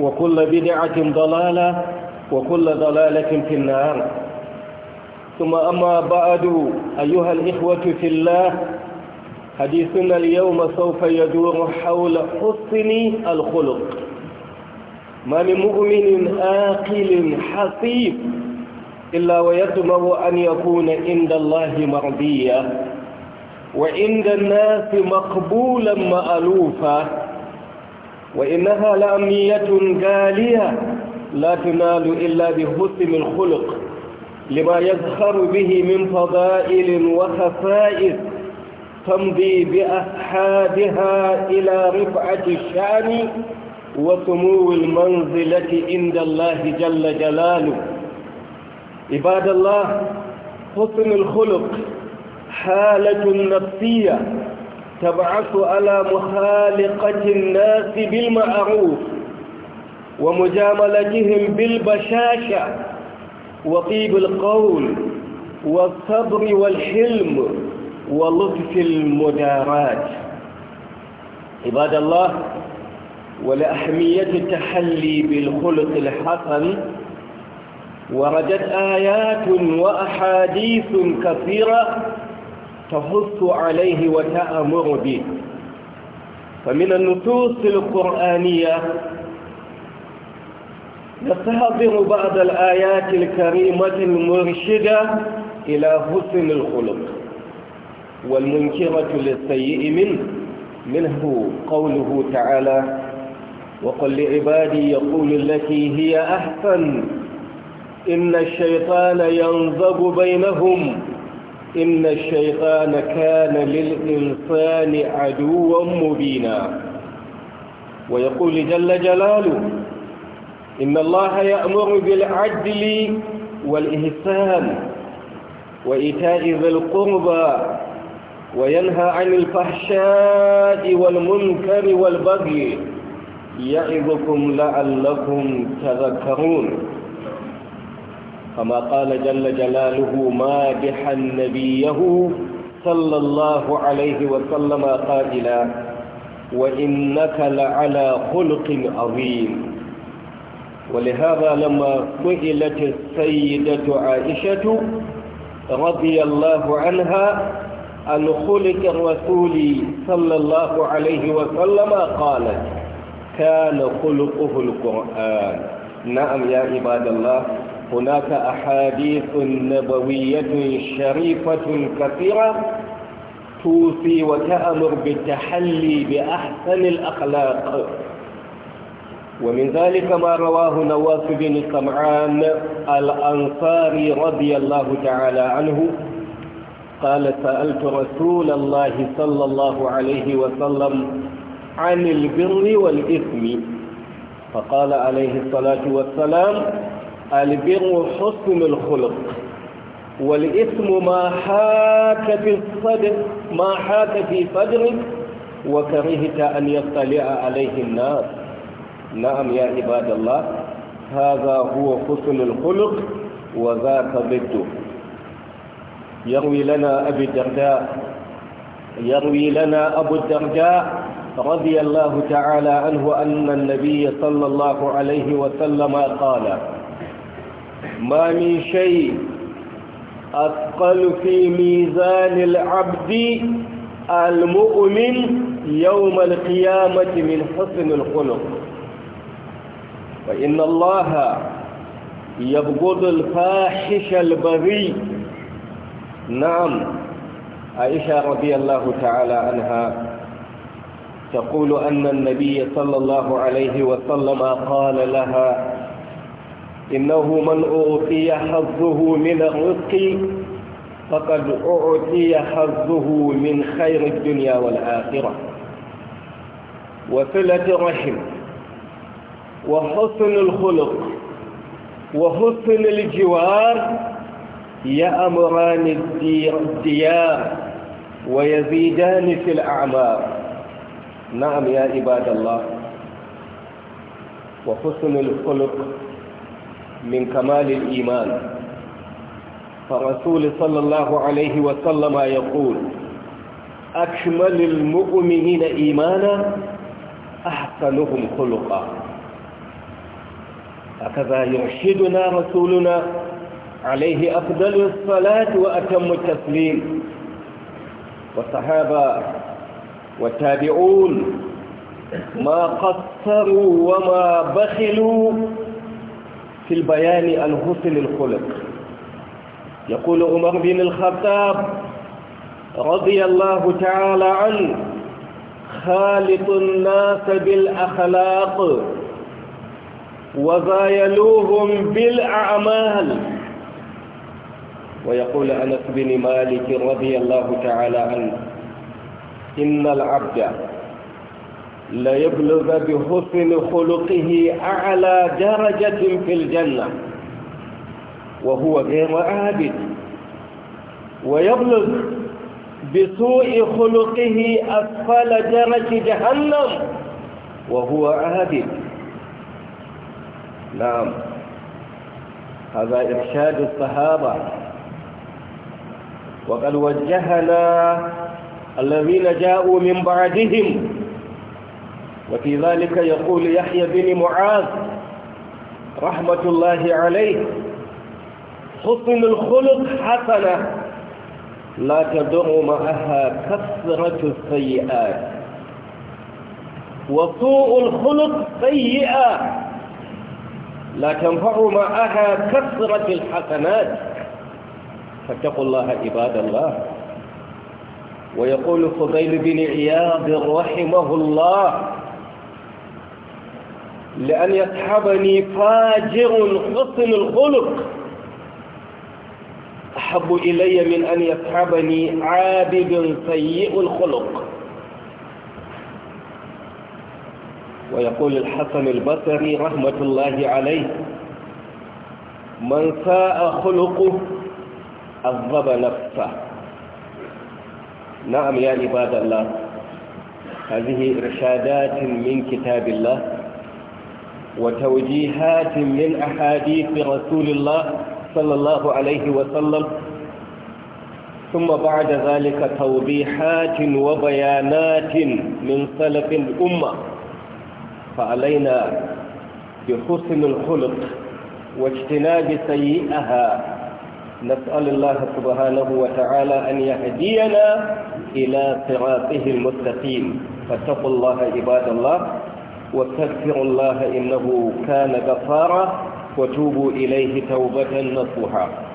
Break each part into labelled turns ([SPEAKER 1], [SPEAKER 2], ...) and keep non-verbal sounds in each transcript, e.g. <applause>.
[SPEAKER 1] وكل بدعة ضلالة وكل ضلالة في النار ثم أما بعد أيها الإخوة في الله حديثنا اليوم سوف يدور حول حسن الخلق ما من مؤمن آقل حصيف إلا ويطمع أن يكون عند الله مرضيا وعند الناس مقبولا مألوفا وإنها لأمنية جالية لا تنال إلا بحسن الخلق لما يزخر به من فضائل وخصائص تمضي بأحادها إلى رفعة الشان وسمو المنزلة عند الله جل جلاله عباد الله حسن الخلق حالة نفسية تبعث على مخالقة الناس بالمعروف ومجاملتهم بالبشاشة وطيب القول والصبر والحلم ولطف المدارات عباد الله ولأهمية التحلي بالخلق الحسن وردت آيات وأحاديث كثيرة تحث عليه وتأمر به فمن النصوص القرآنية نستحضر بعض الآيات الكريمة المرشدة إلى حسن الخلق والمنكرة للسيء منه منه قوله تعالى وقل لعبادي يقول التي هي أحسن إن الشيطان ينزغ بينهم إن الشيطان كان للإنسان عدوا مبينا ويقول جل جلاله إن الله يأمر بالعدل والإحسان وإيتاء ذي القربى وينهى عن الفحشاء والمنكر والبغي يعظكم لعلكم تذكرون كما قال جل جلاله مادحا نبيه صلى الله عليه وسلم قائلا وإنك لعلى خلق عظيم ولهذا لما سئلت السيدة عائشة رضي الله عنها عن خلق الرسول صلى الله عليه وسلم قالت كان خلقه القرآن نعم يا عباد الله هناك أحاديث نبوية شريفة كثيرة توصي وتأمر بالتحلي بأحسن الأخلاق ومن ذلك ما رواه نواس بن سمعان الأنصاري رضي الله تعالى عنه قال سألت رسول الله صلى الله عليه وسلم عن البر والإثم فقال عليه الصلاة والسلام البر حسن الخلق والإثم ما حاك في الصدر ما حاك في صدرك وكرهت أن يطلع عليه الناس نعم يا عباد الله هذا هو حسن الخلق وذاك ضده يروي لنا أبي الدرداء يروي لنا أبو الدرداء رضي الله تعالى عنه أن النبي صلى الله عليه وسلم قال ما من شيء أثقل في ميزان العبد المؤمن يوم القيامة من حسن الخلق فإن الله يبغض الفاحش البغي نعم عائشة رضي الله تعالى عنها تقول أن النبي صلى الله عليه وسلم قال لها إنه من أعطي حظه من الرزق فقد أعطي حظه من خير الدنيا والآخرة وصلة الرحم وحسن الخلق وحسن الجوار يأمران الديار ويزيدان في الأعمار نعم يا عباد الله وحسن الخلق من كمال الإيمان فرسول صلى الله عليه وسلم يقول أكمل المؤمنين إيمانا أحسنهم خلقا هكذا يرشدنا رسولنا عليه أفضل الصلاة وأتم التسليم والصحابة والتابعون ما قصروا وما بخلوا في البيان عن حسن الخلق يقول عمر بن الخطاب رضي الله تعالى عنه خالط الناس بالأخلاق وزايلوهم بالأعمال ويقول أنس بن مالك رضي الله تعالى عنه إن العبد ليبلغ بحسن خلقه أعلى درجة في الجنة وهو غير عابد ويبلغ بسوء خلقه أسفل درجة جهنم وهو عابد نعم هذا إرشاد الصحابة وقد وجهنا الذين جاءوا من بعدهم وفي ذلك يقول يحيى بن معاذ رحمة الله عليه حسن الخلق حسنة لا تدعو معها كثرة السيئات وسوء الخلق سيئة لا تنفع معها كثرة الحسنات فاتقوا الله عباد الله ويقول فضيل بن عياض رحمه الله لأن يصحبني فاجر حسن الخلق أحب إلي من أن يصحبني عابد سيء الخلق ويقول الحسن البصري رحمة الله عليه من ساء خلقه أغضب نفسه نعم يا عباد الله هذه إرشادات من كتاب الله وتوجيهات من أحاديث رسول الله صلى الله عليه وسلم ثم بعد ذلك توضيحات وبيانات من سلف الأمة فعلينا بحسن الخلق واجتناب سيئها نسأل الله سبحانه وتعالى أن يهدينا إلى صراطه المستقيم فاتقوا الله عباد الله واستغفروا الله إنه كان غفارا وتوبوا إليه توبة نصوحا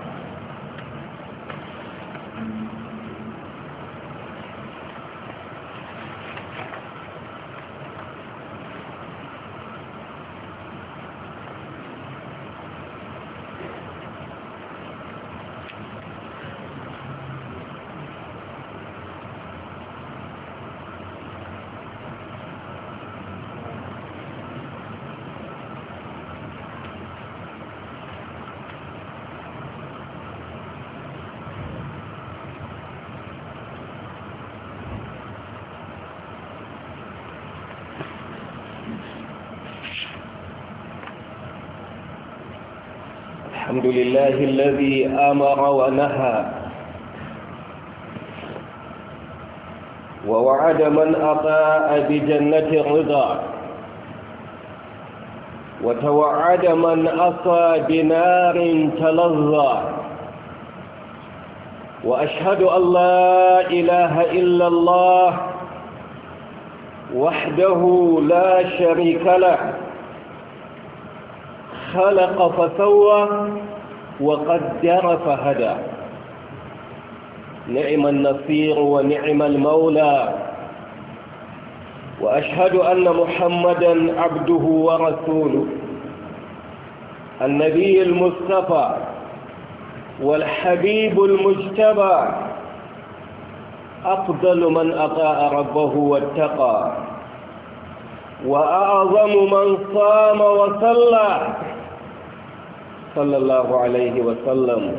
[SPEAKER 1] الله الذي أمر ونهى ووعد من أطاء بجنة الرضا وتوعد من أصى بنار تلظى وأشهد أن لا إله إلا الله وحده لا شريك له خلق فسوى وقدر فهدى نعم النصير ونعم المولى وأشهد أن محمدا عبده ورسوله النبي المصطفى والحبيب المجتبى أفضل من أطاع ربه واتقى وأعظم من صام وصلى صلى الله عليه وسلم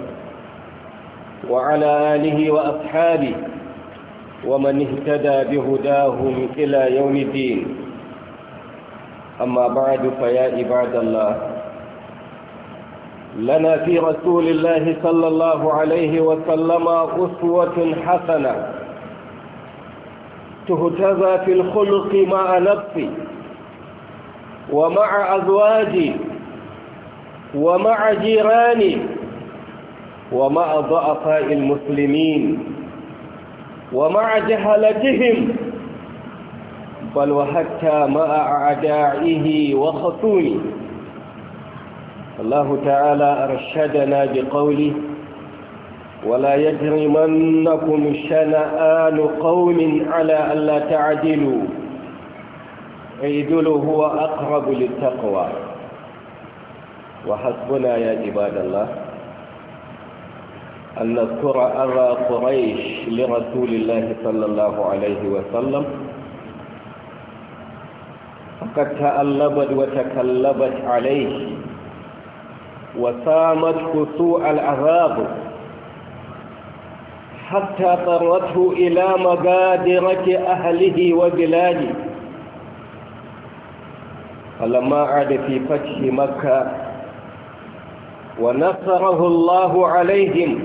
[SPEAKER 1] وعلى آله وأصحابه ومن اهتدى بهداهم إلى يوم الدين أما بعد فيا عباد الله لنا في رسول الله صلى الله عليه وسلم أسوة حسنة تهتزى في الخلق مع نفسي ومع أزواجي ومع جيراني ومع ضعفاء المسلمين ومع جهلتهم بل وحتى مع أعدائه وخصومه الله تعالى أرشدنا بقوله ولا يجرمنكم شنآن قوم على ألا تعدلوا عيدل هو أقرب للتقوى وحسبنا يا عباد الله أن نذكر أرى قريش لرسول الله صلى الله عليه وسلم فقد تألبت وتكلبت عليه وسامته سوء العذاب حتى قرته إلى مغادرة أهله وبلاده فلما عاد في فتح مكة ونصره الله عليهم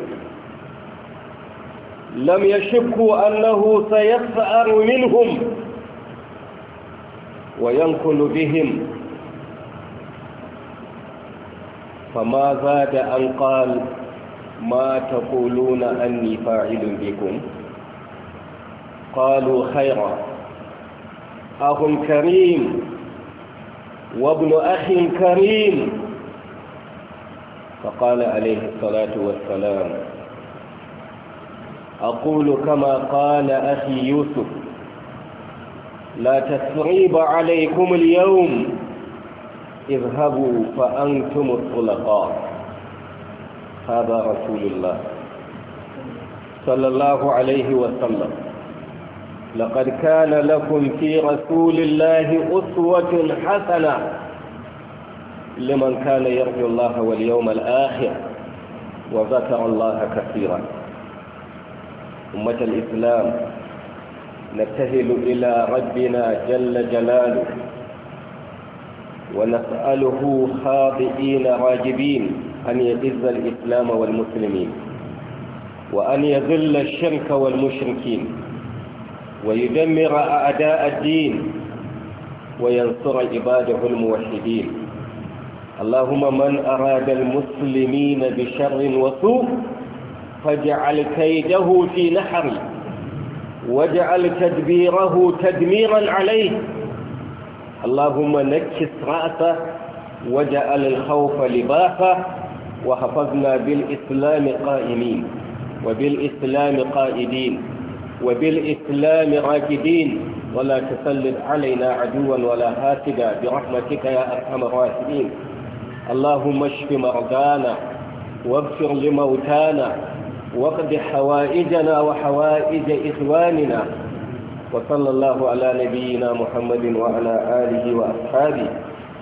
[SPEAKER 1] لم يشكوا أنه سيسأر منهم وينقل بهم فما زاد أن قال ما تقولون أني فاعل بكم قالوا خيرا أخ كريم وابن أخ كريم فقال عليه الصلاة والسلام أقول كما قال أخي يوسف لا تسريب عليكم اليوم اذهبوا فأنتم الطلقاء هذا رسول الله صلى الله عليه وسلم لقد كان لكم في رسول الله أسوة حسنة لمن كان يرجو الله واليوم الآخر وذكر الله كثيرا أمة الإسلام نبتهل إلى ربنا جل جلاله ونسأله خاضئين راجبين أن يذل الإسلام والمسلمين وأن يذل الشرك والمشركين ويدمر أعداء الدين وينصر عباده الموحدين اللهم من أراد المسلمين بشر وسوء فاجعل كيده في نحره واجعل تدبيره تدميرا عليه اللهم نكس رأسه وجعل الخوف لباسه وحفظنا بالإسلام قائمين وبالإسلام قائدين وبالإسلام راكدين ولا تسلل علينا عدوا ولا هاتبا برحمتك يا أرحم الراحمين اللهم اشف مرضانا واغفر لموتانا واقض حوائجنا وحوائج إخواننا وصلى الله على نبينا محمد وعلى آله وأصحابه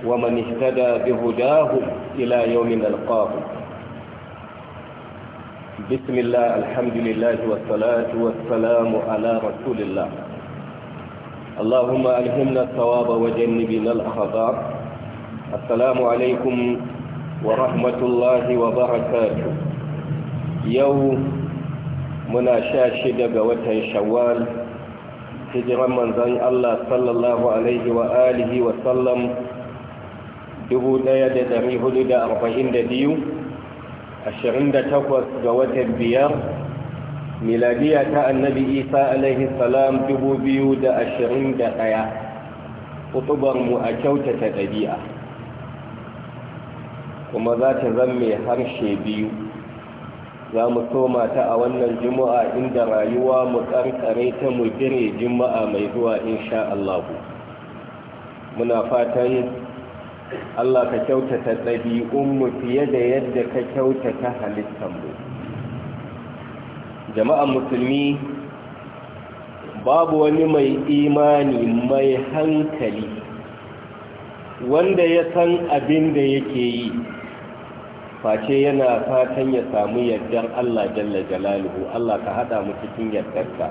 [SPEAKER 1] ومن اهتدى بهداهم إلى يوم نلقاه بسم الله الحمد لله والصلاة والسلام على رسول الله اللهم ألهمنا الثواب وجنبنا الخطأ السلام عليكم ورحمة الله وبركاته يوم منا شاشد قوتا شوال hijiran manzan Allah sallallahu Alaihi wa alihi wa sallam 1442 28 ga watan biyar miladiya ta annabi isa alaihi salam 2021 kutubar mu a kyautata ɗabi'a kuma za ta zamme harshe biyu za mu soma ta a wannan juma'a inda rayuwa mu karkare ta mu gire juma'a mai zuwa insha Allah muna fatan Allah ka kyautata mu fiye da yadda ka kyautata halittar mu jama'a musulmi babu wani mai imani mai hankali wanda ya san abin da yake yi face yana fatan ya samu yardar Allah jalla jalaluhu Allah ka hada mu cikin yardarka.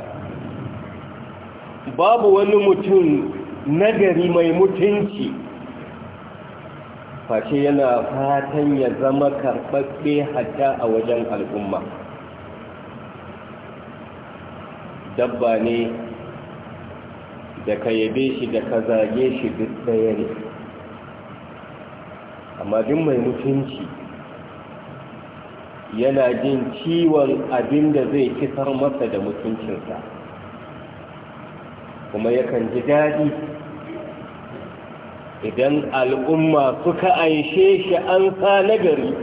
[SPEAKER 1] babu wani mutum nagari mai mutunci face yana fatan ya zama karbabbe hatta a wajen al'umma dabba ne da ka yabe shi da ka zage shi duk ɗaya ne amma duk mai mutunci yana jin ciwon abin da zai kisar masa da mutuncinsa kuma yakan ji daɗi idan al'umma suka aishe shi an sa nagari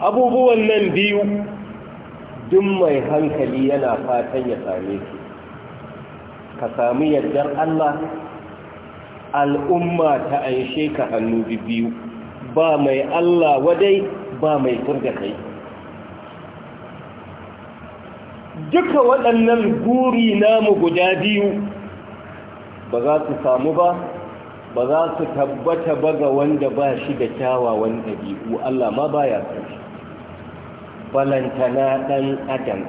[SPEAKER 1] abubuwan nan biyu duk mai hankali yana fatan ya same su ka sami yardar Allah al'umma ta aishe ka hannu biyu ba mai Allah wadai ba mai kai. duka waɗannan guri namu guda biyu ba za su samu ba ba za su tabbata ba ga wanda ba shi da kyawawan ɗabi'u Allah ma ba ya shi balantana ɗan adam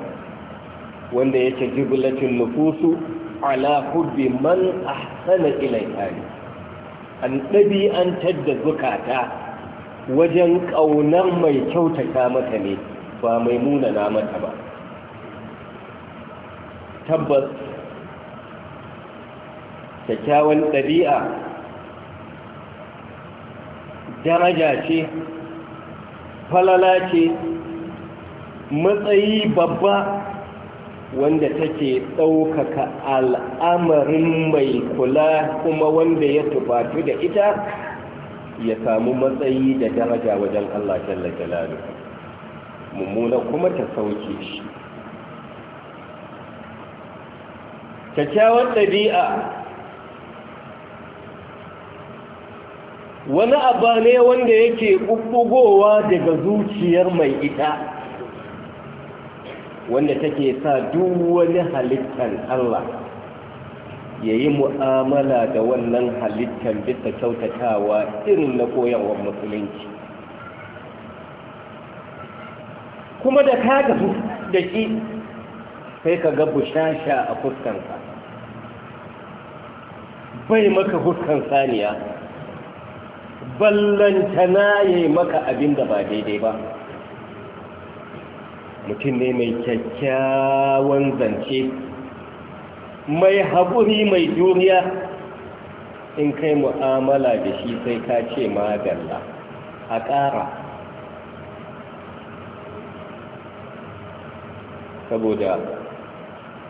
[SPEAKER 1] wanda yake jibilatin nufusu ala hubbi man ahsana an ɗabi'antar da zukata wajen ƙaunar mai kyautata mata ne ba mai munana mata ba tabbas kyakkyawan ɗabi'a daraja ce falala ce matsayi babba wanda take ɗaukaka al'amarin mai kula kuma wanda ya tufatu da ita ya samu matsayi da daraja wajen Allah jalla jalalu mummuna kuma ta sauke shi kyakkyawar ɗabi'a wani abu ne wanda yake ƙuɓɓugowa daga zuciyar mai ita wanda take sa duk wani halittar Allah ya yi mu'amala da wannan halittar bisa kyautatawa irin na koyarwar musulunci kuma da ka gafu da shi sai ka ga bushasha a fuskansa bai maka fuskan saniya na ya yi maka abin da ba daidai ba mutum ne mai kyakkyawan zance mai haƙuri mai juriya in kai mu'amala da shi sai ka ce magalla a ƙara saboda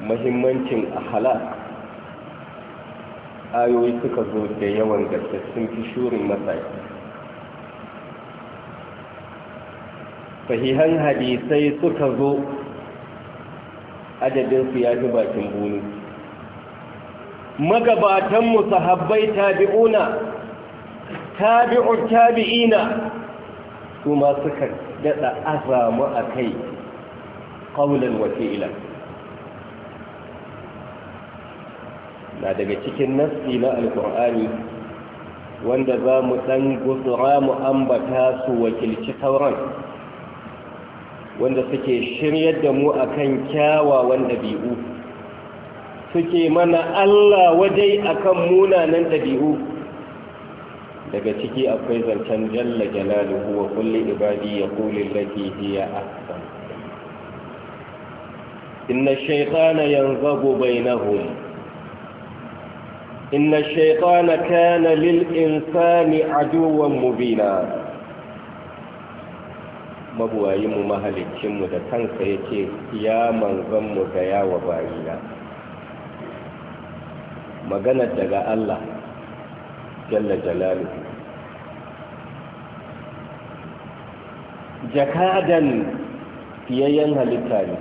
[SPEAKER 1] mahimmancin a halar ayoyi suka zo da yawan gaske sun fi shurin matsayi fahihan hadisai suka zo adadinsu ya fi bakin bunu magabatanmu sahabbai tabi'una tabi'ur tabi'ina su ma suka daɗa azamu a kai ƙaunar wafi'ila na daga cikin nassi na alƙur'ani wanda za mu ɗan gusura mu ambata su wakilci sauran wanda suke shiryar da mu akan kyawawan ɗabi'u suke mana Allah waje akan munanan ɗabi'u daga ciki akwai zancen jalla jalaluhu wa kulli ibadi ya kulli lati hiya ahsan inna shaytana yanzabu bainahum inna shaytana kana lil insani aduwwan mubina mabuwayi mu mahalicin mu da kansa yake ya manzon mu ga yawa bayina maganar daga Allah jalla jalalu jakadan fiyayyen halitta ne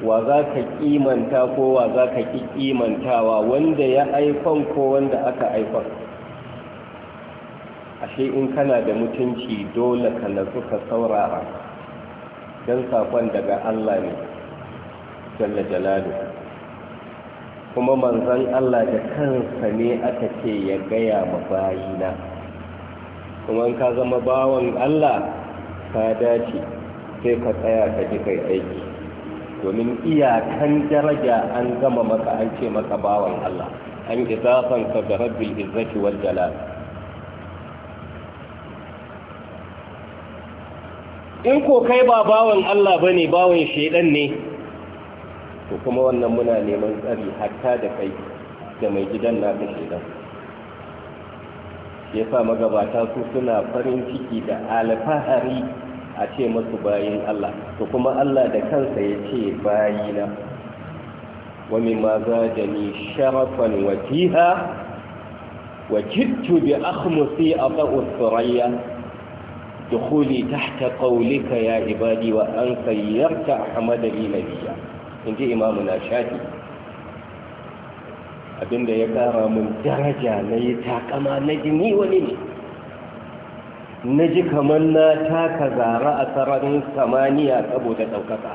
[SPEAKER 1] wa za ka kimanta ko wa za ka ki kimantawa wanda ya aifan ko wanda aka aifan ashe in kana da mutunci dole ka nazu ka saurara don sakon daga Allah ne jalla jalalu kuma manzan Allah da kansa ne aka ce ya gaya ma bayina kuma ka zama bawan Allah ka dace sai ka tsaya ka ji kai aiki domin iyakan daraja an gama maka an ce maka bawan Allah an zafan ka da rabbil izzati wal jalal in ko kai ba bawan Allah bane bawan shaidan ne to kuma wannan muna neman tsari hatta da kai da mai gidan naka gidan. ya sa magabata su suna farin ciki da alfahari a ce masu bayin Allah to kuma Allah da kansa ya ce bayina wani ma za da ni sharafan wajiha wajittu bi akhmusi a ba'u surayya tahta qawlika ya ibadi wa an sayyarta ahmada na nabiyya in ji imamu na shafi abinda ya kara mun daraja na yi takama na jini wani ne na ji kamar na taka zara a sararin samaniya saboda ɗaukaka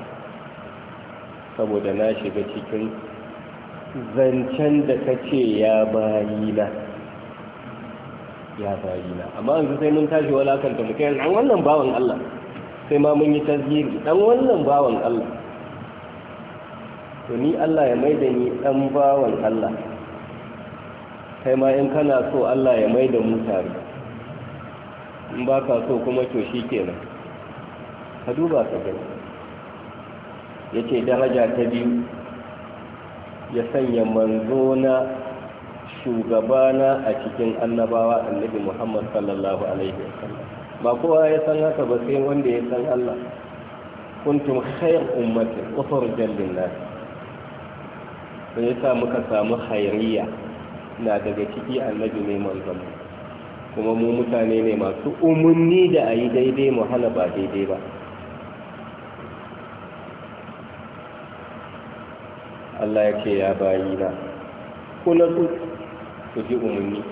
[SPEAKER 1] saboda na shiga cikin zancen da ka ce ya na ya na amma an sai mun tashi walakanta mu kai an wannan bawan Allah sai ma mun yi tasiri dan wannan bawan Allah to ni Allah ya maida ni dan bawan Allah kai ma in kana so Allah ya maida mu tare in ba ka so kuma to shi kenan ka duba ka gani ya ce daraja ta biyu ya sanya manzo na shugabana a cikin annabawa annabi muhammad sallallahu alaihi wasallam ba kowa ya san haka ba sai wanda ya san Allah kuntum khair ummatin ukhrijat lin ya yasa muka samu hairiya na daga ciki annabi ne manzon kuma mu mutane ne masu umarni da a yi daidai mu hana ba daidai ba Allah ya ce ya bayi na kuna su su ji umarni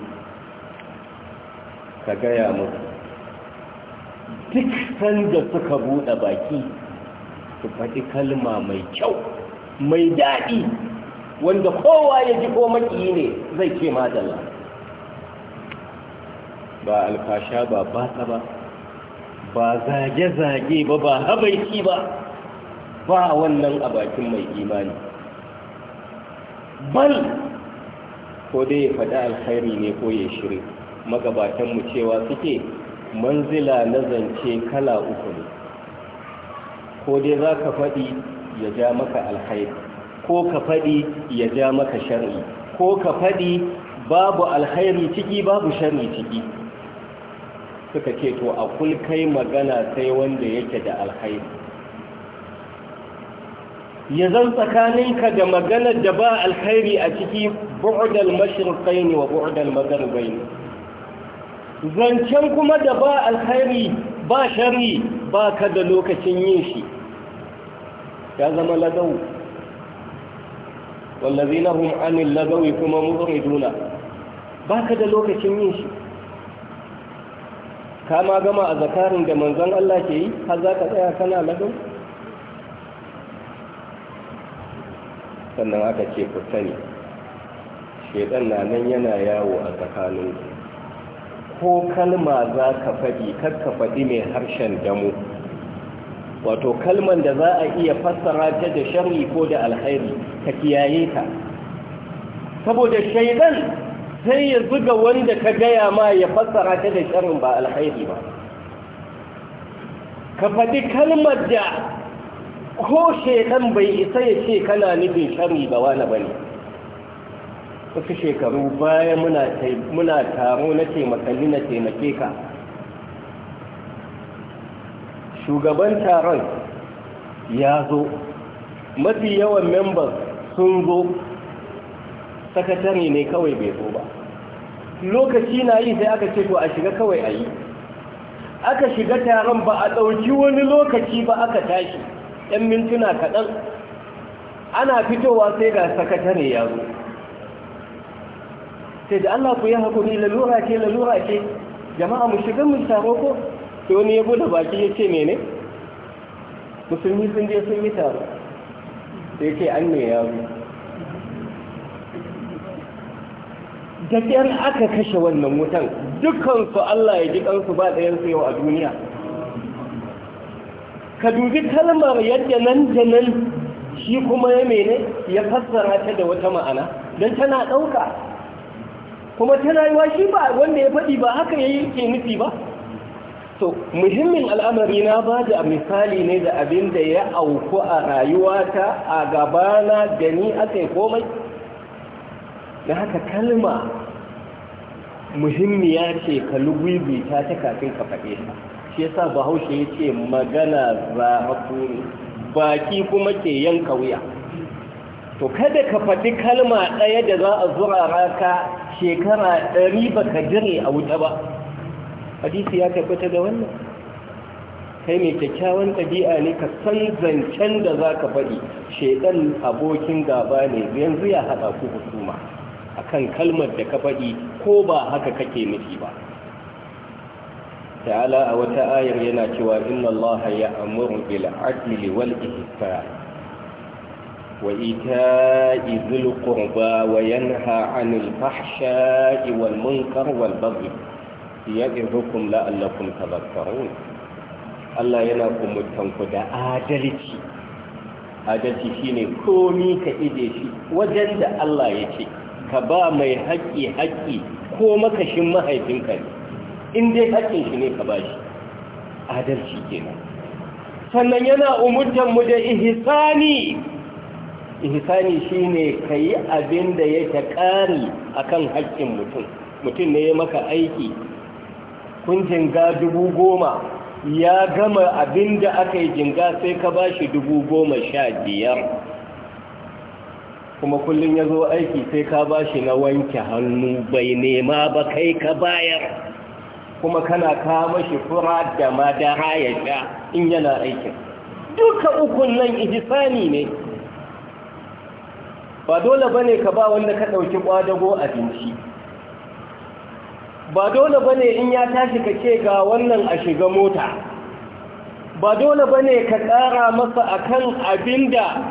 [SPEAKER 1] ka gaya musu duk sanda suka buɗe baki su faɗi kalma mai kyau mai daɗi wanda kowa ya ji komai ne zai ce madalla ba alfasha ba basa ba ba zage-zage ba ba habaiki ba ba wannan a bakin mai imani bal ko dai ya faɗi alkhairi ne ko ya shiri magabatanmu cewa suke manzila na zance kala uku ne ko dai za ka faɗi ya ja maka alkhairi ko ka faɗi ya ja maka shar'i ko ka faɗi babu alkhairi ciki babu shar'i ciki suka ce to a kai magana sai wanda yake da alkhairi ya zan tsakaninka da maganar da ba alkhairi a ciki bu'udal ne wa bu'udal ne. zancen kuma da ba alkhairi ba shari ba ka da lokacin yin shi ya zama ladau na hun anil lagawi kuma Ba ka da lokacin yin shi kama gama a zakarin da manzan Allah ke yi har za ka tsaya kana lagawi sannan aka ce ku sani shedan na nan yana yawo a tsakanin ko kalma za ka faɗi kar ka faɗi mai harshen damu wato kalman da za a iya fassara ta da sharri ko da alkhairi ka kiyaye ta saboda shaidan sai ya zuga wanda ka gaya ma ya fassara ta da sharrin ba alkhairi ba ka faɗi kalmar da ko shaidan bai isa ya ce kana nufin sharri ba wani bane wasu shekaru baya muna taro na taimakalli na taimake ka shugaban taron ya zo mafi yawan members sun zo sakatare ne kawai bai zo ba lokaci na yi sai aka ce to a shiga kawai a yi aka shiga taron ba a ɗauki wani lokaci ba aka tashi ‘yan mintuna kaɗan ana fitowa sai ga sakatare ya zo sai da Allah ku yi haƙuri lalura ce lalura ce jama'a mu shiga mu taro ko sai wani ya bude baki ya ce mene musulmi sun je sun yi taro sai ce an ne yaro da ƙyar aka kashe wannan wutan dukansu Allah ya ji ƙansu ba yansu yau a duniya ka dubi kalmar yadda nan da nan shi kuma ya mene ya fassara ta da wata ma'ana don tana ɗauka kuma tana yi wa shi ba wanda ya faɗi ba haka ya yi ke nufi ba to muhimmin al'amari na ba da misali ne da abin da ya auku a rayuwata a gabana da ni aka yi komai da haka kalma muhimmiya ce ka ta kafin ka faɗe ta shi sa bahaushe ya ce magana za baki kuma ke yanka wuya to kada ka faɗi kalma ɗaya da za a zurara ka shekara ɗari baka jire a wuta ba hadisi ya tabbata da wannan kai mai kyakkyawan ɗabi'a ne ka san zancen da za ka faɗi shaidan abokin gaba ne yanzu ya haɗa ku husuma akan kalmar da ka faɗi ko ba haka kake nufi ba ta'ala a wata ayar yana cewa inna Allah ya amuru bil adli wal ihsan wa ita'i dhil qurba wa yanha 'anil fahsha'i wal munkar wal baghi yadhukum la'allakum tadhakkarun Allah yana umurtan ku da adalci adalci shine komi ka ide shi wajen da Allah ce ka ba mai haƙƙi haƙƙi ko makashin mahaifinka ne in dai haƙƙin shi ne ka ba shi adalci kenan sannan yana umurtan mu da ihsani ihsani shine kayi abin da yake kari akan haƙƙin mutum mutum ne ya maka aiki kun jinga dubu goma ya gama abin da aka yi jinga sai ka ba shi dubu goma sha biyar kuma kullum ya zo aiki sai ka ba shi na wanke hannu bai nema ba kai ka bayar kuma kana kama shi fura da madara ya sha in yana aiki duka ukun nan ihisani ne ba dole ba ne ka ba wanda ka ɗauki ƙwadago abinci ba dole ba ne in ya tashi ka ce ga wannan a shiga mota ba dole ba ne ka tsara masa a kan abin da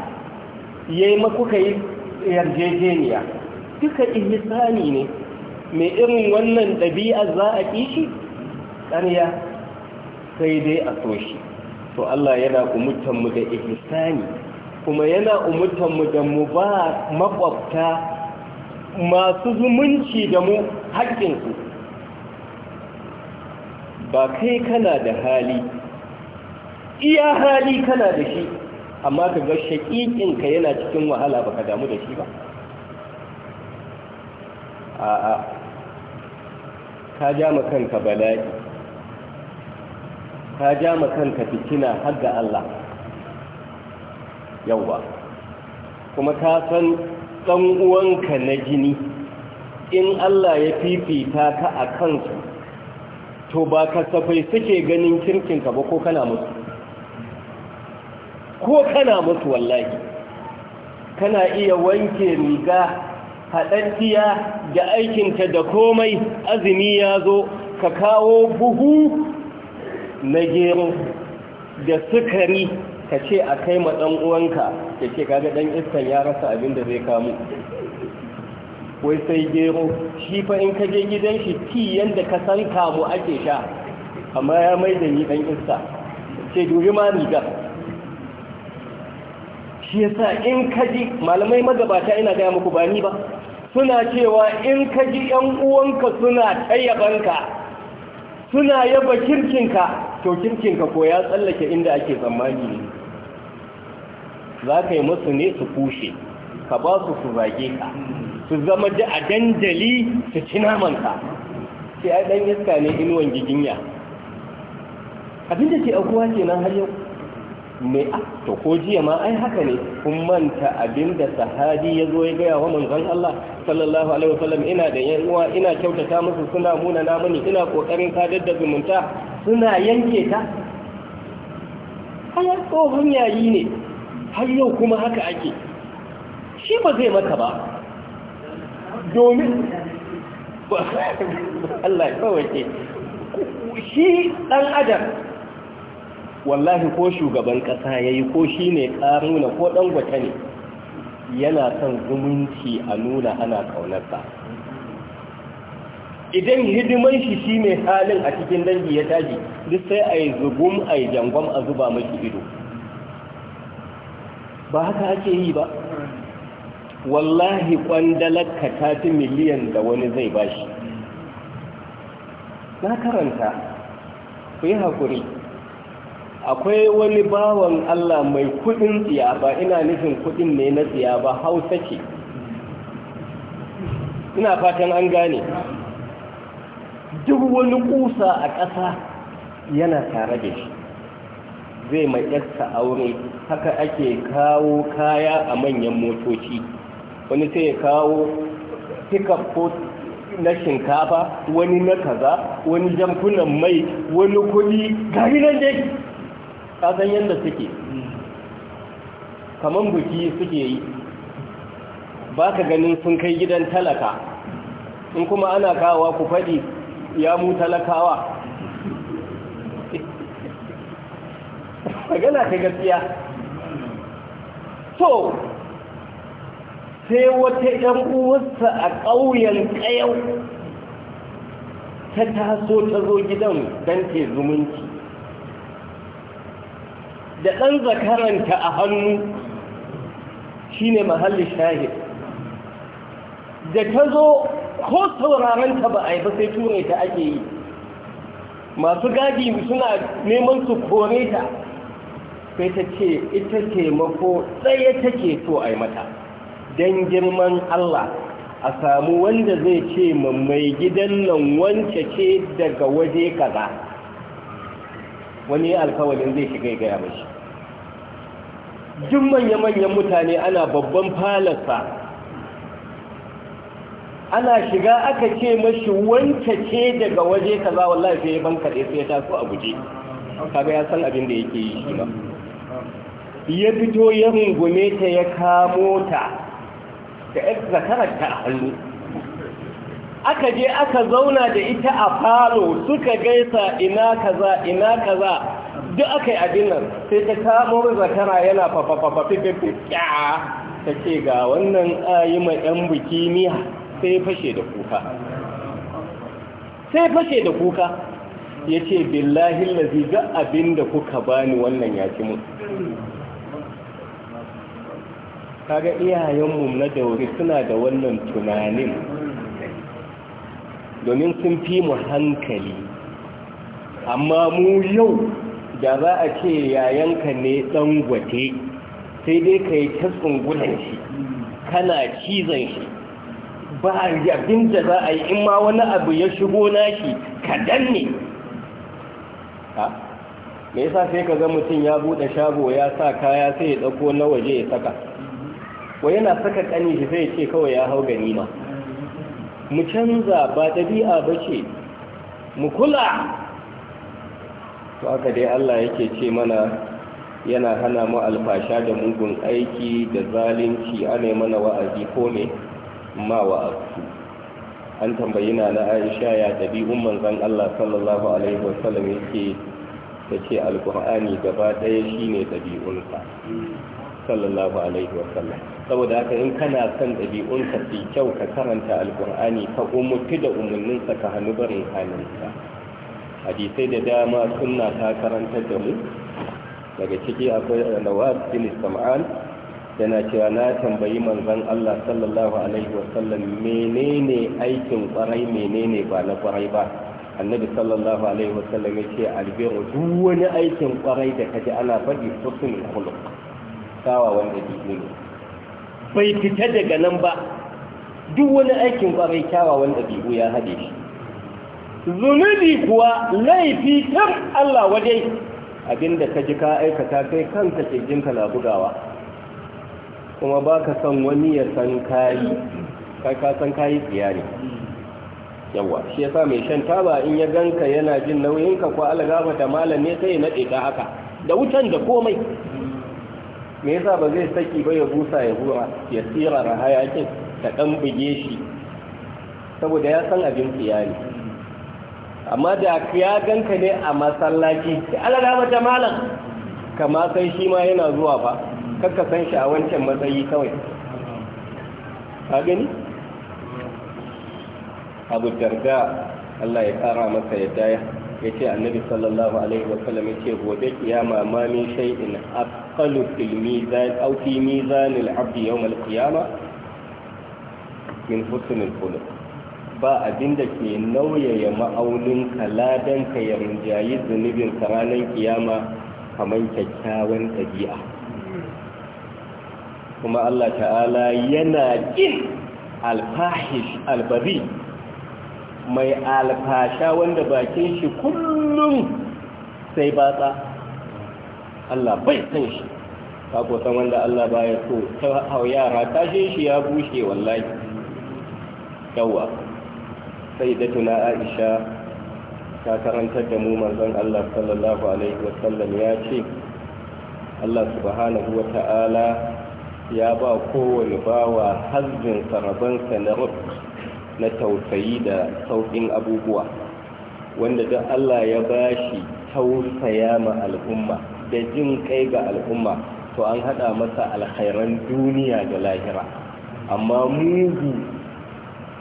[SPEAKER 1] ya yi makuka yi yarjejeniya duka ihisani ne mai irin wannan ɗabi'ar za a shi? ƙarya sai dai a so to Allah yana umurtanmu da ihisani kuma yana umurtanmu da mu ba makwabta masu zumunci da mu haƙƙinsu ba kai kana da hali iya hali kana da shi amma ka ga shaƙiƙinka yana cikin wahala ba ka damu da shi ba a'a ka ja kanka bala'i ka ja kanka fitina har ga Allah yauwa kuma ka san ɗan uwanka na jini in Allah ya fifita ka a kansu to ba kasafai suke ganin kirkinka ba ko kana mutu ko kana mutu wallahi kana iya wanke riga haɗantiya da aikinta da komai azumi ya zo ka kawo buhu na gero da sukari ka ce a kai ma ɗan uwanka da ce kaga ɗan iskan ya rasa abin da zai kamu wai sai gero shi fa in ka je gidan shi ti yanda ka san kamu ake sha amma ya mai da ni dan iska ce dubi ma ni ga shi yasa in ka ji malamai magabata ina gaya muku ba ni ba suna cewa in ka ji yan uwanka suna tayyabanka suna yaba kirkinka to kirkinka ko ya tsallake inda ake tsammani ne za ka yi musu ne su kushe ka ba su su zage ka su zama da a dandali su ci namanta sai a ɗan iska ne inuwan giginya abinda ke aukuwa kenan har yau me a to ko jiya ma ai haka ne kun manta abinda Sahadi ya zo ya gaya wa manzon Allah sallallahu alaihi wasallam ina da yan uwa ina kyautata musu suna muna na mani ina kokarin sadar da zumunta suna yanke ta haya tsohon yayi ne har yau kuma haka ake shi ba zai maka ba domin ba Allah ya kawace shi ɗan adam wallahi ko shugaban ƙasa ya yi ko shi ne ko ɗan gwata ne yana son zumunci a nuna ana ƙaunarsa idan hidiman shi shi ne halin a cikin dangi ya taji duk sai a yi zugum a jangwam a zuba maki ido ba haka ake yi ba wallahi kwandalarka ta fi miliyan da wani zai ba shi. na karanta ku yi haƙuri akwai wani bawan Allah mai kudin tsiya ba ina nufin kudin ne na tsiya ba hausa ce ina fatan an gane duk wani kusa a ƙasa yana tare da shi zai mai yarsa aure haka ake kawo kaya a manyan motoci wani sai ya kawo pickup ko na shinkafa wani na kaza wani jamkunan mai wani kudi gari nan dai kasan yadda suke kamar buki suke yi ba ka ganin sun kai gidan talaka in kuma ana kawowa ku faɗi ya mu talakawa <laughs> magana ta gaskiya so sai wata ‘yan uwarsa a ƙauyen ƙayau ta taso ta zo gidan don ke zumunci da ɗan zakaranta a hannu shi ne mahallin shahid da ta zo ko sauraranta ba a yi ba sai ture ta ake yi masu gadi suna neman su kore ta sai ta ce ita taimako tsaye take so a yi mata don girman Allah a samu wanda zai ce mai gidan nan wance ce daga waje kaza wani alkawalin zai shiga gaya mashi duk manya-manyan mutane ana babban falasa ana shiga aka ce mashi wanke ce daga waje kaza wallahi sai ban kade sai ya taso a guje kaga ya san abin da yake yi shi ba ya fito ya rungume ta ya kamo ta da ‘yar zakararta a hannu aka je aka zauna da ita a falo suka gaisa ina kaza ina kaza duk aka yi abin nan sai ta kamo zakara yana fafafafafifafi kya ta ce ga wannan ayi ma ‘yan biki miya sai fashe da kuka sai fashe da kuka ya billahi lazi ga abin da kuka bani wannan ya ci kaga iyayenmu na daure suna da wannan tunanin domin sun fi mu hankali amma mu yau da za a ce yayanka ne dan gwate sai dai ka yi ta tsungulan shi kana cizon shi ba yabin da za a yi in ma wani abu ya shigo nashi kadan ne me yasa sai ka ga mutum ya buɗe shago ya sa kaya sai ya dauko na waje ya saka wa yana saka kani shi sai ce kawai ya hau gani ma mu canza ba ɗabi'a ba ce mu kula to haka dai Allah yake ce mana yana hana mu alfasha da mugun aiki da zalunci ana mana wa'azi ko ne ma wa'azi an tambayi na na Aisha ya ɗabi'un manzon Allah sallallahu alaihi wasallam yake ta ce alkur'ani gaba ɗaya shine ɗabi'unsa sallallahu alaihi wasallam saboda haka in kana son ɗabi'unka su kyau ka karanta alkur'ani ka umurci da umarninsa ka hannu barin halinka hadisai da dama sunna ta karantar da mu daga ciki akwai nawab bin sam'an yana cewa na tambayi manzon Allah sallallahu alaihi wasallam menene aikin kwarai menene ba na kwarai ba annabi sallallahu alaihi wasallam yace albiru duk wani aikin kwarai da kaji ana faɗi husnul khuluq wanda ɗabi'u ne bai fita daga nan ba duk wani aikin kwarai kyawawan ɗabi'u ya haɗe shi zunubi kuwa laifi kan Allah waje abinda ka ji ka aikata kai kanka kirjinka na bugawa kuma ba ka san wani ya san kayi kai ka san kayi tsiya ne yawa shi sa mai shan taba in ya ganka yana jin nauyinka ko algaba da malam ne sai ya nade ta haka da wutan da komai me yasa ba zai saki ba ya busa ya hura ya tsira na hayakin ta ɗan buge shi saboda ya san abin tsiyari? amma da ya ganka ne a masallaci da alada mata malam kama san shi ma yana zuwa ba kakka san shi a wancan matsayi kawai ka gani abu darga Allah ya kara masa yadda ya ya ce annabi sallallahu alaihi wasallam ya ce gobe kiyama ma min shai in fil mizan aw fi abdi yawm min husn al ba abinda ke nauyaya ma'aunin kaladan ka ya rinjayi zunubin ranar kiyama kamar kyakkyawan ɗabi'a kuma Allah ta'ala yana ƙin alfahish albari mai alfasha wanda bakin shi kullum sai batsa Allah bai san shi kako san wanda Allah baya so ta hau yara tashe shi ya bushe wallahi yawa sai da tuna Aisha ta karantar da mu manzon Allah sallallahu alaihi wasallam ya ce Allah subhanahu wa ta'ala ya ba kowane bawa hazzin sarabansa na rufe na tausayi da sauƙin abubuwa wanda duk Allah ya ba shi tausaya ma al'umma da jin kai ga al'umma to an haɗa masa alkhairan duniya da lahira amma mugu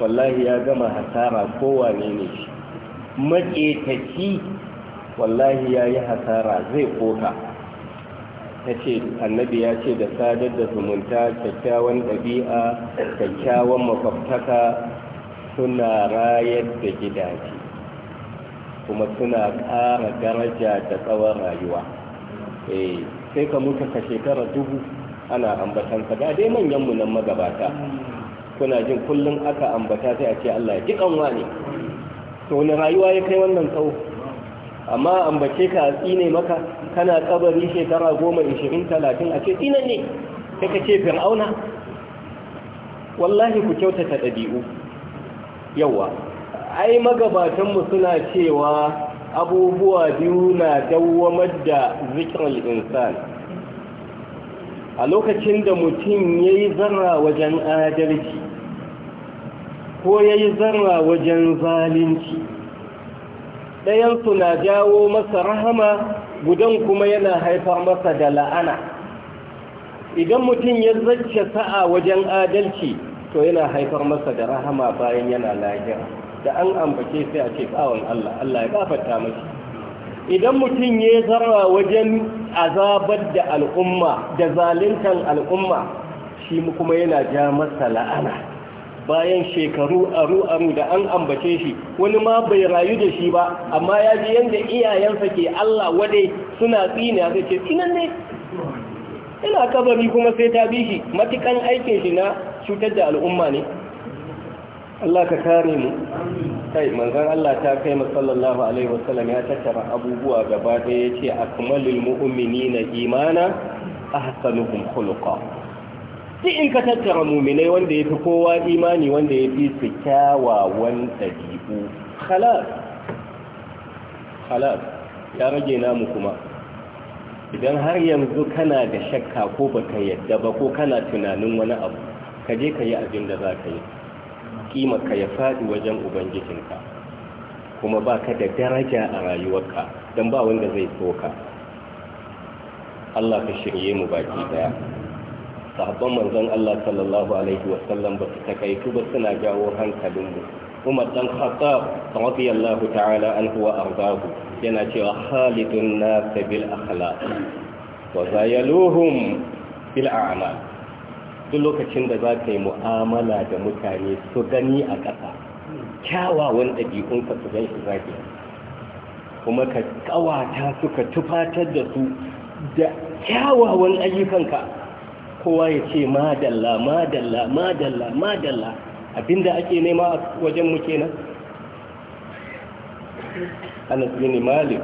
[SPEAKER 1] wallahi ya gama hasara kowa ne shi maƙetaki wallahi ya yi hasara zai koka ta ce annabi ya ce da sadar da zumunta kyakkyawan ɗabi'a kyakkyawan mafabtaka. suna rayar da gidaje kuma suna ƙara daraja da tsawon rayuwa eh, sai ka mutu ka shekara dubu ana ambatansa da dai manyanmu nan magabata kuna jin kullum aka ambata sai a ce Allah ya ji kanwa ne to ne rayuwa ya kai wannan tsawo amma ambace ka tsine maka kana kabari shekara goma ishirin talatin a ce tsinan
[SPEAKER 2] ne sai ka ce fir'auna
[SPEAKER 1] wallahi ku kyautata ɗabi'u yawa ai magabatanmu suna cewa abubuwa biyu na dawwamar da zikirar insan a lokacin da mutum ya yi zarra wajen adalci ko ya yi zarra wajen zalunci ɗayansu na jawo masa rahama gudan kuma yana haifar masa da la'ana idan mutum ya zace sa'a wajen adalci to yana haifar masa da rahama bayan yana lahira da an ambace sai a ce kawon Allah Allah ya gafarta mashi idan mutum ya zarra wajen azabar da al'umma da zaluntan al'umma shi kuma yana ja masa la'ana bayan shekaru aru-aru da an ambace shi wani ma bai rayu da shi ba amma ya ji yadda iyayensa ke Allah wadai suna tsina sai ce tsinan ne ina kabari kuma sai ta bi shi matukan aikin shi na cutar da al'umma ne Allah ka kare mu kai manzon Allah ta kai mu sallallahu alaihi wasallam ya tattara abubuwa gaba da yace akmalul mu'minina imana ahsanuhum khuluqa duk in ka tattara mu'minai wanda yafi kowa imani wanda yafi su kyawawan dabi'u khalas khalas ya rage namu kuma idan har yanzu kana da shakka ko baka yadda ba ko kana tunanin wani abu ka je ka yi abin da za ka yi Kima ka ya faɗi wajen ubangijinka kuma ba ka da daraja a rayuwarka don ba wanda zai soka Allah ka shirye mu baki daya sahabban manzon Allah sallallahu alaihi wasallam ba su takaitu ba suna jawo hankalinmu umar dan khattab radiyallahu ta'ala anhu wa ardahu yana cewa khalidun nas bil akhlaq wa zayaluhum bil a'mal duk lokacin da za ka yi mu'amala da mutane su gani a ƙasa kyawawan ɗabi'unka su gan shi zaki kuma ka ƙawata su ka tufatar da su da kyawawan ayyukanka kowa ya ce madalla madalla madalla madalla abinda ake nema a wajen mu kenan Anas bin Malik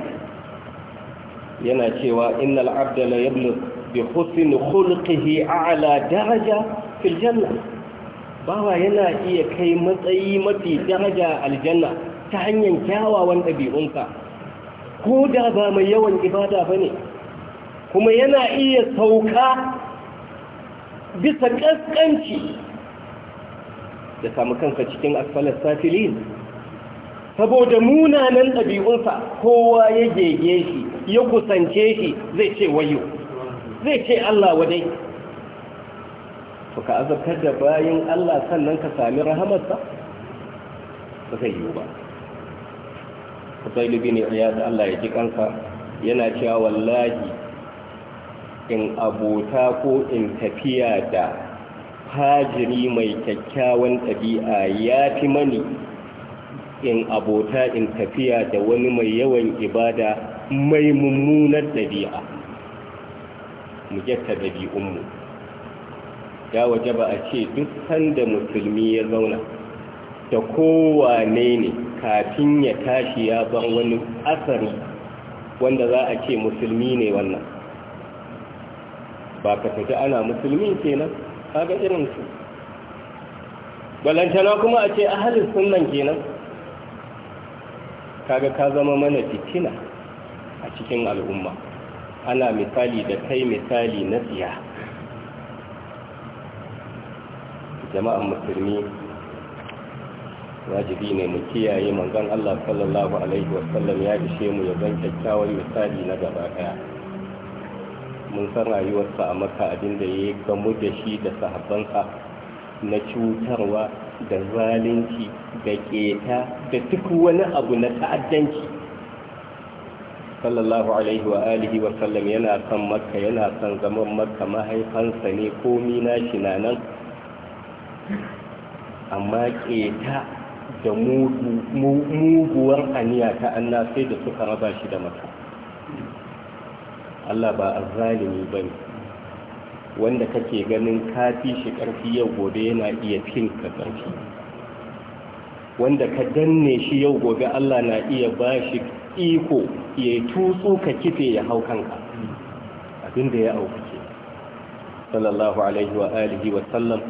[SPEAKER 1] yana cewa innal abda la Yablu bi husni khulqihi a'la daraja fil janna bawa yana iya kai matsayi mafi daraja aljanna ta hanyar kyawawan ɗabi'unsa. ko da ba mai yawan ibada ba ne kuma yana iya sauka bisa ƙanƙanci. ya samu kanka cikin asfalar safilin saboda munanan ɗabi'unsa kowa ya gege shi ya kusance shi zai ce wayo zai ce Allah wadai to ka azabtar da bayan Allah sannan ka sami rahamarsa ba zai yi ba ne ya da Allah ya ji kansa yana cewa wallahi in abota ko in tafiya da Hajiri mai kyakkyawan ɗabi'a ya fi mani in abota in tafiya da wani mai yawan ibada mai mummunar ɗabi'a mu gyatta ɗabi'unmu ya waje ba a ce duk sanda musulmi ya zauna da kowane ne kafin ya tashi ya ban wani asari wanda za a ce musulmi ne wannan ba ka tafi ana musulmi kenan kaga irin su balantana kuma a ce ahalin sunan kenan kaga ka zama mana fitina a cikin al'umma ana misali da kai misali na tsiya jama'an musulmi wajibi ne mu kiyaye manzon Allah sallallahu alaihi wasallam ya ishe mu ya zan kyakkyawan misali na gaba daya mun san rayuwarsa a maka abinda ya yi gamu da shi da sahabbansa na cutarwa da zalunci da keta da duk wani abu na ta'addanci sallallahu alaihi wa alihi wa sallam yana kan makka yana kan zaman makka mahaifansa ne komi na shi na nan amma keta da muguwar aniya ta anna sai da suka raba shi da makka Allah ba a ba ne. wanda kake ganin kafi shi ƙarfi yau gobe yana iya fin ka ƙarfi. wanda ka danne shi yau gobe Allah na iya ba shi iko ya tutsu ka kife ya hau kanka abinda ya auku ke sallallahu alaihi wa alihi wa sallam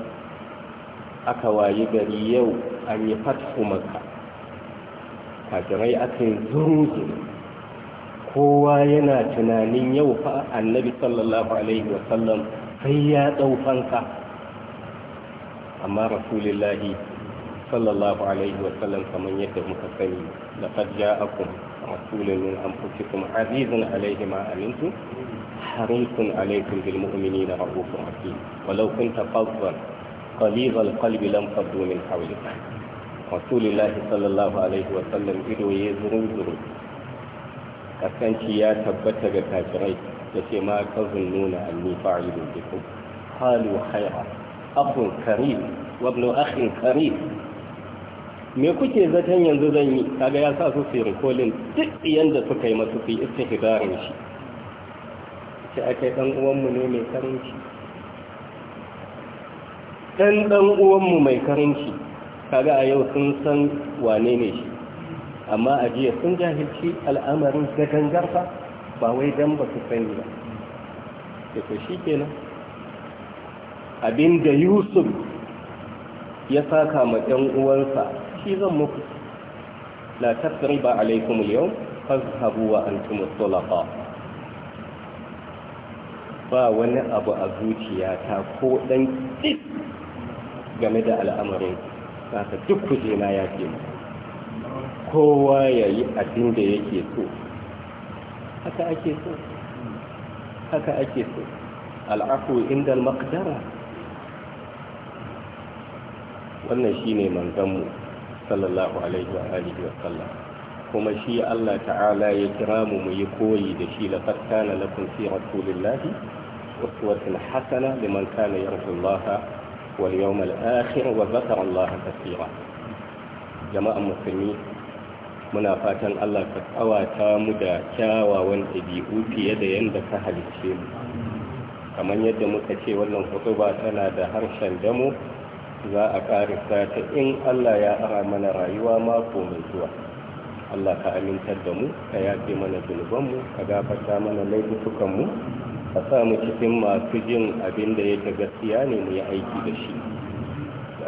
[SPEAKER 1] aka wayi gari yau an yi fatfu maka kajirai aka yi zuru kowa yana tunanin yau fa annabi sallallahu alaihi wa sallam sai ya tsaufanka amma rasulillahi sallallahu alaihi wa sallam kamar yadda muka sani laqad ja'akum rasulun min anfusikum azizun alaihi ma amintu harisun alaikum bil mu'minina rahufur rahim walau kunta fadhlan qalil al qalbi lam fadhu min hawlik rasulillahi sallallahu alaihi wasallam ido ya zuru zuru kasance ya tabbata ga kafirai da ce ma kazun nuna anni da ku halu khaira akhun karim wa ibn akhin karim me kuke zaton yanzu zan yi kaga ya sa su su recalling duk yanda suka yi masu fi istihbarin shi ce ake dan mu ne mai karinci dan dan mu mai karinci kaga a yau sun san wane ne shi amma a jiya sun jahilci al'amarin ga fa ba wai dan ba su sani ba da to shi ke nan. abinda yusuf ya saka ma ɗan uwansa shi zan muku la ba alaikum yau, yawm fazhabu wa antum tulaqa ba wani abu a zuciya ta ko ɗan dan game da al'amarin ta duk kujena ya ce mu kowa ya yi abin da yake so haka ake so haka ake so al'afu inda al-maqdara wannan shine manzanmu sallallahu alaihi wa alihi wa sallam kuma shi Allah ta'ala ya kira mu mu yi koyi da shi la fatkana lakum fi rasulillahi uswatun hasana liman kana yarju Allah wal yawmal akhir wa dhakara Allah kaseera jama'a musulmi muna fatan Allah ka kawata mu da kyawawan ɗabi'u fiye da yadda ka halicce mu kamar yadda muka ce wannan ba tana da harshen damu, za a ƙarisa ta in Allah ya ara mana rayuwa mako mai zuwa Allah ka amintar da mu ka yafe mana zunubanmu ka gafata mana laifukanmu ka sa mu cikin masu jin abin da yake gaskiya ne mu yi aiki da shi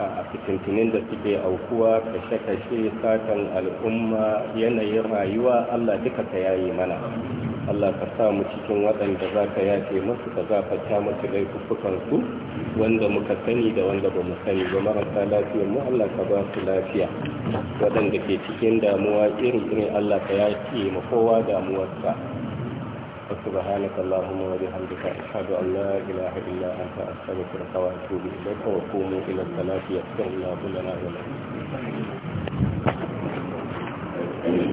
[SPEAKER 1] a fitintunin da suke aukuwa kashe-kashe satan al'umma yanayin rayuwa Allah duka ka yaye mana Allah ka sa mu cikin waɗanda za ka yafe masu ka za zafata masu laifukansu wanda muka sani da wanda ba mu sani ba marasa lafiyar mu Allah ka ba su lafiya waɗanda ke cikin damuwa irin irin Allah ka yafe ma kowa damuwarsa سبحانك اللهم وبحمدك أشهد أن لا إله إلا أنت أستغفرك وأتوب إليك وقوموا إلى الصلاة يغفر الله لنا
[SPEAKER 2] ولكم